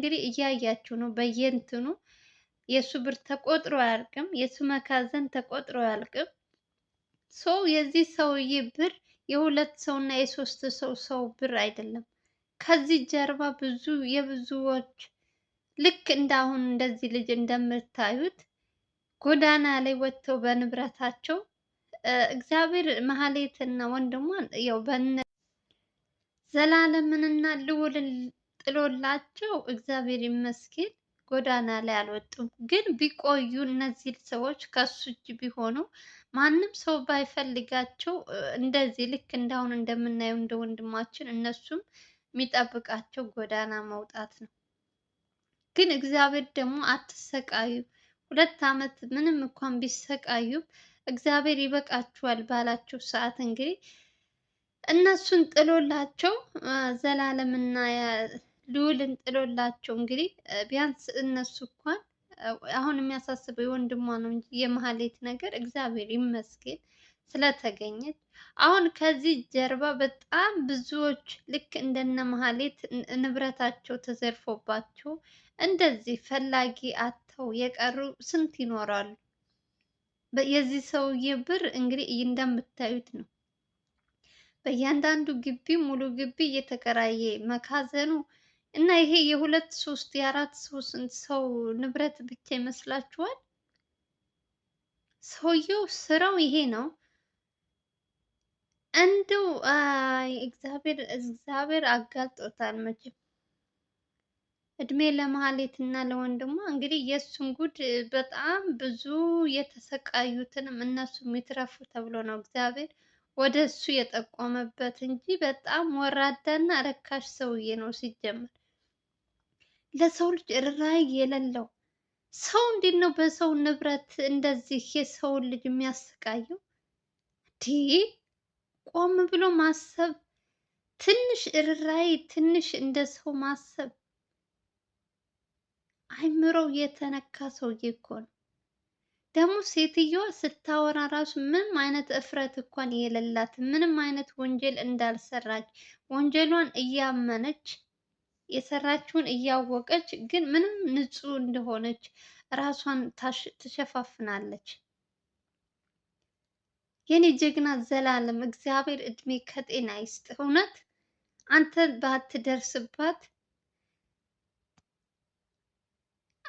እንግዲህ እያያችሁ ነው በየንትኑ የእሱ ብር ተቆጥሮ አያልቅም። የእሱ መካዘን ተቆጥሮ አያልቅም። ሰው የዚህ ሰውዬ ብር የሁለት ሰው እና የሶስት ሰው ሰው ብር አይደለም። ከዚህ ጀርባ ብዙ የብዙዎች ልክ እንዳሁን እንደዚህ ልጅ እንደምታዩት ጎዳና ላይ ወጥተው በንብረታቸው እግዚአብሔር መሀሌትና ወንድሟን ያው በነ ዘላለምንና ልውልን ጥሎላቸው እግዚአብሔር ይመስገን ጎዳና ላይ አልወጡም። ግን ቢቆዩ እነዚህ ሰዎች ከሱ እጅ ቢሆኑ ማንም ሰው ባይፈልጋቸው እንደዚህ ልክ እንዳሁን እንደምናየው እንደ ወንድማችን እነሱም የሚጠብቃቸው ጎዳና መውጣት ነው። ግን እግዚአብሔር ደግሞ አትሰቃዩ። ሁለት ዓመት ምንም እንኳን ቢሰቃዩም እግዚአብሔር ይበቃችኋል ባላችሁ ሰዓት እንግዲህ እነሱን ጥሎላቸው ዘላለምና ልዑልን ጥሎላቸው እንግዲህ ቢያንስ እነሱ እንኳን አሁን የሚያሳስበው የወንድሟ ነው እንጂ የመሀሌት ነገር እግዚአብሔር ይመስገን ስለተገኘች። አሁን ከዚህ ጀርባ በጣም ብዙዎች ልክ እንደነ መሀሌት ንብረታቸው ተዘርፎባቸው እንደዚህ ፈላጊ አጥተው የቀሩ ስንት ይኖራሉ። የዚህ ሰውዬ ብር እንግዲህ እንደምታዩት ነው። በእያንዳንዱ ግቢ ሙሉ ግቢ እየተከራየ መካዘኑ እና ይሄ የሁለት ሶስት የአራት ሶስት ሰው ንብረት ብቻ ይመስላችኋል? ሰውየው ስራው ይሄ ነው። እንደው እግዚአብሔር እግዚአብሔር አጋልጦታል መቼም እድሜ ለመሀሌት እና ለወንድሟ እንግዲህ የእሱን ጉድ በጣም ብዙ የተሰቃዩትንም እነሱ የሚትረፉ ተብሎ ነው እግዚአብሔር ወደ እሱ የጠቆመበት እንጂ በጣም ወራዳና ረካሽ ሰውዬ ነው ሲጀመር። ለሰው ልጅ ርህራሄ የሌለው ሰው እንዴት ነው በሰው ንብረት እንደዚህ የሰውን ልጅ የሚያሰቃየው? ዲ ቆም ብሎ ማሰብ ትንሽ ርህራሄ ትንሽ እንደ ሰው ማሰብ አይምሮው የተነካ ሰውዬ እኮ ነው። ደግሞ ሴትዮዋ ስታወራ ራሱ ምንም አይነት እፍረት እንኳን የሌላት ምንም አይነት ወንጀል እንዳልሰራች ወንጀሏን እያመነች የሰራችውን እያወቀች ግን ምንም ንጹህ እንደሆነች ራሷን ትሸፋፍናለች። የኔ ጀግና ዘላለም እግዚአብሔር እድሜ ከጤና ይስጥ። እውነት አንተ ባትደርስባት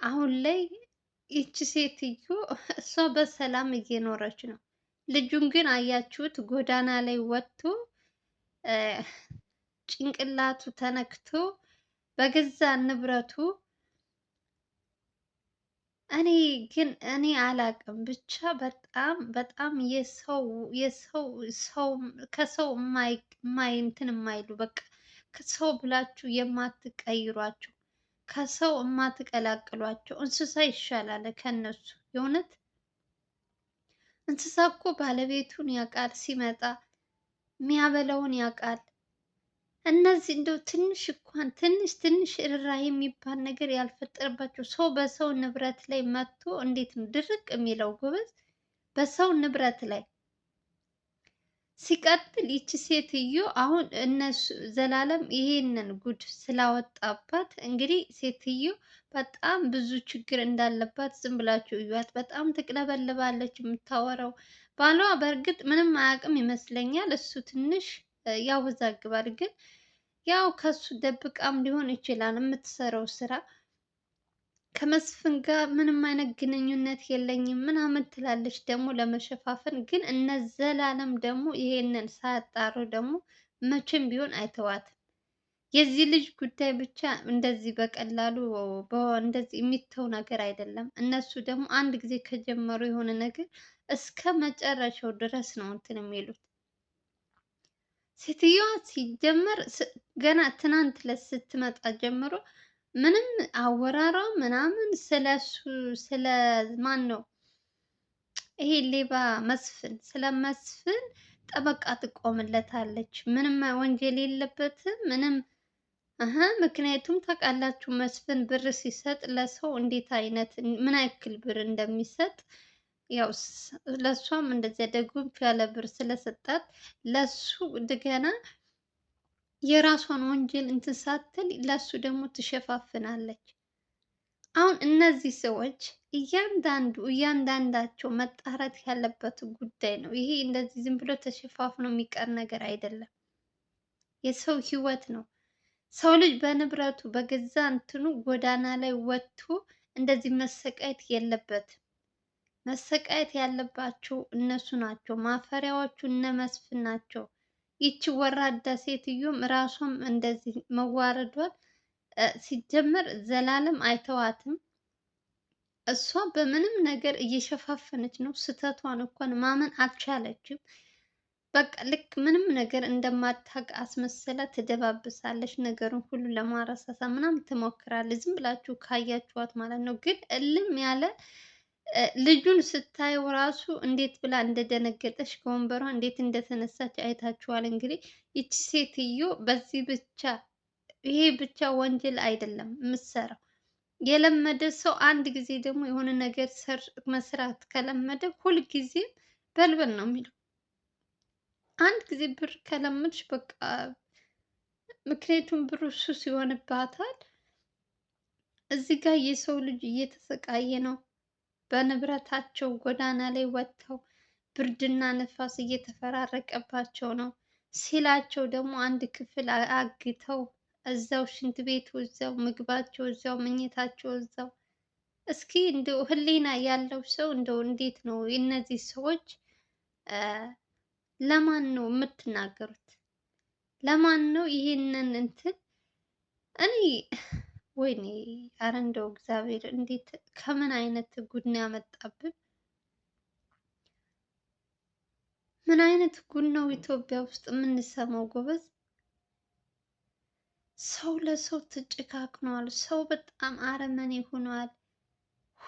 አሁን ላይ ይቺ ሴትዮ እሷ በሰላም እየኖረች ነው። ልጁን ግን አያችሁት፣ ጎዳና ላይ ወጥቶ ጭንቅላቱ ተነክቶ በገዛ ንብረቱ እኔ ግን እኔ አላቅም ብቻ በጣም በጣም የሰው የሰው ሰው ከሰው ማይ እንትን የማይሉ በቃ ሰው ብላችሁ የማትቀይሯቸው ከሰው የማትቀላቅሏቸው እንስሳ ይሻላል ከነሱ። የእውነት እንስሳ እኮ ባለቤቱን ያውቃል፣ ሲመጣ የሚያበላውን ያውቃል፣ እነዚህ እንደው ትንሽ እንኳን ትንሽ ትንሽ ርህራሄ የሚባል ነገር ያልፈጠረባቸው ሰው በሰው ንብረት ላይ መጥቶ እንዴት ነው ድርቅ የሚለው ጎበዝ? በሰው ንብረት ላይ ሲቀጥል ይቺ ሴትዮ አሁን እነሱ ዘላለም ይሄንን ጉድ ስላወጣባት እንግዲህ ሴትዮ በጣም ብዙ ችግር እንዳለባት ዝም ብላችሁ እዩዋት። በጣም ትቅለበልባለች የምታወራው። ባሏ በእርግጥ ምንም አያውቅም ይመስለኛል እሱ ትንሽ ያወዛግባል። ግን ያው ከሱ ደብቃም ሊሆን ይችላል የምትሰራው ስራ። ከመስፍን ጋር ምንም አይነት ግንኙነት የለኝም ምናምን ትላለች ደግሞ ለመሸፋፈን። ግን ዘላለም ደግሞ ይሄንን ሳያጣሩ ደግሞ መቼም ቢሆን አይተዋትም። የዚህ ልጅ ጉዳይ ብቻ እንደዚህ በቀላሉ እንደዚህ የሚተው ነገር አይደለም። እነሱ ደግሞ አንድ ጊዜ ከጀመሩ የሆነ ነገር እስከ መጨረሻው ድረስ ነው እንትን የሚሉት። ሴትዮዋ ሲጀመር ገና ትናንት ስትመጣ ጀምሮ ምንም አወራሯ ምናምን እሱ ስለ ማን ነው ይሄ ሌባ መስፍን ስለ መስፍን ጠበቃ ትቆምለታለች። ምንም ወንጀል የለበትም ምንም እ ምክንያቱም ታውቃላችሁ መስፍን ብር ሲሰጥ ለሰው እንዴት አይነት ምን ያክል ብር እንደሚሰጥ ያው ለእሷም እንደዚያ ደጎፍ ያለ ብር ስለሰጣት ለሱ እንደገና የራሷን ወንጀል እንትን ሳትል ለሱ ደግሞ ትሸፋፍናለች። አሁን እነዚህ ሰዎች እያንዳንዱ እያንዳንዳቸው መጣራት ያለበት ጉዳይ ነው። ይሄ እንደዚህ ዝም ብሎ ተሸፋፍኖ የሚቀር ነገር አይደለም። የሰው ህይወት ነው። ሰው ልጅ በንብረቱ በገዛ እንትኑ ጎዳና ላይ ወጥቶ እንደዚህ መሰቃየት የለበትም። መሰቃየት ያለባቸው እነሱ ናቸው። ማፈሪያዎቹ እነ መስፍን ናቸው። ይቺ ወራዳ ሴትዮም ራሷም እንደዚህ መዋረዷል ሲጀመር ዘላለም አይተዋትም። እሷ በምንም ነገር እየሸፋፈነች ነው። ስህተቷን እንኳን ማመን አልቻለችም። በቃ ልክ ምንም ነገር እንደማታውቅ አስመሰላ ትደባብሳለች። ነገሩን ሁሉ ለማረሳሳ ምናምን ትሞክራለች። ዝም ብላችሁ ካያችኋት ማለት ነው። ግን እልም ያለ ልጁን ስታየው ራሱ እንዴት ብላ እንደደነገጠች ከወንበሯ እንዴት እንደተነሳች አይታችኋል። እንግዲህ ይቺ ሴትዮ በዚህ ብቻ ይሄ ብቻ ወንጀል አይደለም የምትሰራው። የለመደ ሰው አንድ ጊዜ ደግሞ የሆነ ነገር መስራት ከለመደ ሁልጊዜም በልበል ነው የሚለው። አንድ ጊዜ ብር ከለመድሽ በቃ ምክንያቱም ብሩ ሱስ ይሆንባታል። እዚህ ጋር የሰው ልጅ እየተሰቃየ ነው በንብረታቸው ጎዳና ላይ ወጥተው ብርድና ነፋስ እየተፈራረቀባቸው ነው ሲላቸው ደግሞ አንድ ክፍል አግተው እዛው ሽንት ቤቱ እዛው ምግባቸው እዛው መኝታቸው እዛው። እስኪ እንደው ህሊና ያለው ሰው እንደው እንዴት ነው እነዚህ ሰዎች ለማን ነው የምትናገሩት? ለማን ነው ይህንን እንትን እኔ ወይኔ አረ እንደው እግዚአብሔር እንዴት ከምን አይነት ጉድ ነው ያመጣብን? ምን አይነት ጉድ ነው ኢትዮጵያ ውስጥ የምንሰማው? ጎበዝ ሰው ለሰው ተጨካክኗል። ሰው በጣም አረመኔ ሆኗል።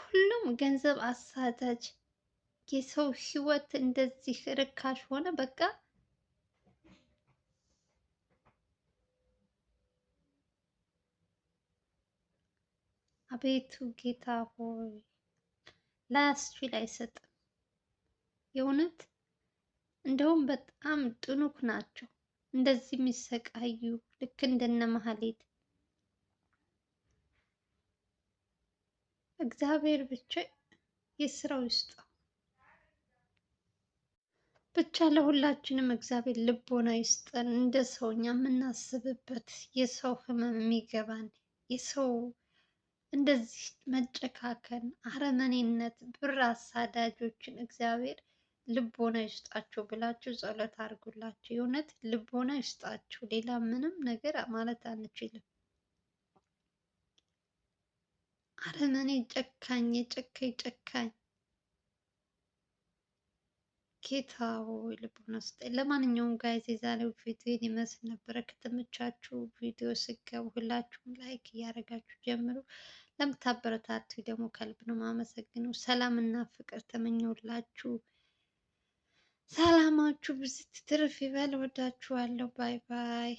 ሁሉም ገንዘብ አሳታች የሰው ህይወት እንደዚህ ርካሽ ሆነ። በቃ አቤቱ ጌታ ሆይ ላያስችል አይሰጥም። የእውነት እንደውም በጣም ጥኑክ ናቸው እንደዚህ የሚሰቃዩ ልክ እንደነ መሀሌት። እግዚአብሔር ብቻ የስራው ይስጠው። ብቻ ለሁላችንም እግዚአብሔር ልቦና ይስጠን። እንደ ሰውኛ የምናስብበት የሰው ህመም የሚገባን የሰው እንደዚህ መጨካከን፣ አረመኔነት፣ ብር አሳዳጆችን እግዚአብሔር ልቦና ይስጣችሁ ብላችሁ ጸሎት አድርጉላችሁ። የእውነት ልቦና ይስጣችሁ። ሌላ ምንም ነገር ማለት አንችልም። አረመኔ ጨካኝ፣ የጨካኝ ጨካኝ ጌታ ሆይ ልቦና ስጠኝ። ለማንኛውም ጋይዝ የዛሬው ቪዲዮ ይመስል ነበረ። ከተመቻችሁ ቪዲዮ ስገቡ ሁላችሁም ላይክ እያደረጋችሁ ጀምሩ። ለምታበረታቱ ደግሞ ከልብ ነው ማመሰግነው። ሰላም እና ፍቅር ተመኘውላችሁ። ሰላማችሁ ብዝት ትርፍ ይበል። ወዳችኋለሁ። ባይ ባይ።